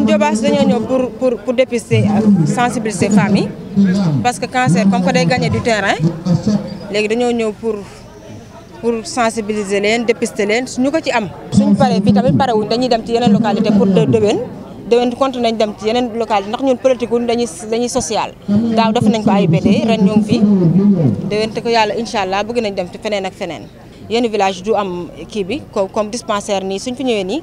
ñun Jobaas dañoo ñëw pour pour pour dépister euh, sensibiliser femmes yi parce que cancer comme que day gagner du terrain léegi dañoo ñëw pour pour sensibiliser leen dépister leen ñu ko ci am. suñu paree fii parewuñ dañuy dem ci yeneen localité pour déwén déwén compte nañ dem ci yeneen localité ndax ñu politique wuñ dañuy dañuy social. daaw def nañ ko ay BD ren ñoo fi déwén te ko yàlla incha allah bëgg nañ dem ci feneen ak feneen yenn village du am kii bi comme dispensaire nii suñ fi ñëwee nii.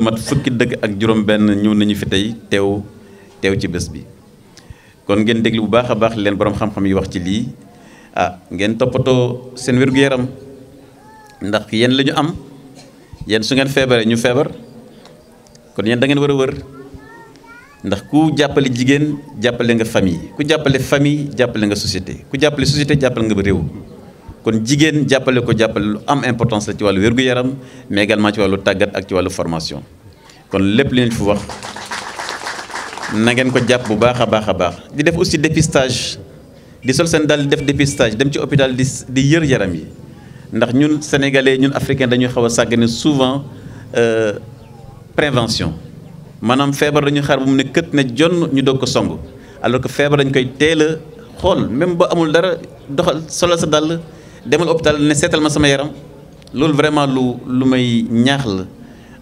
mat fukki deug ak juróom ben ñew nañu fi tay tew tew ci bés bi kon ngeen deglu bu baaxa baax leen borom xam-xam yi wax ci li ah ngeen topato seen wér-gu-yaram ndax yeen lañu am yen su ngeen feebaree ñu febar kon yeen da ngeen wëra wër ndax ku jàppale jigen jàppale nga famille ku jàppale famille jàppale nga société ku jàppale société jàppale nga rew kon jigéen jàppale ko jàppale lu am importance la ci wàllu wér yaram mais également ci wàllu tagat ak ci wàllu formation kon lépp li ñu fi wax na ngeen ko jàpp bu baax a baax a baax di def aussi dépistage di sol seen daal di def dépistage dem ci hôpital di di yër yaram yi ndax ñun sénégalais ñun Africains, dañuy xaw a sàggane souvent euh, prévention Manam fièvre dañu xaar bu mu ne kët ne jonn ñu do ko song alors que fièvre dañ koy téle xol même ba amul dara doxal solo sa dal demal hôpital ne sétal ma sama yaram lool vraiment lu lu may ñaax la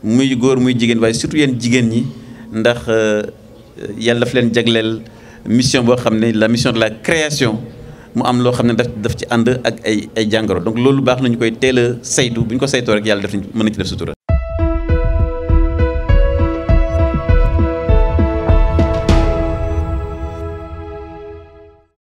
muy goor muy jigen waaye surtout yéen jigen ñi ndax euh, yalla daf len jagleel mission bo xamné la mission de la création mu am lo xamné daf daf ci and ak ay ay jàngoro donc loolu bax nañu koy teel a saytu ko saytoo rek yalla daf mën na ci def sutura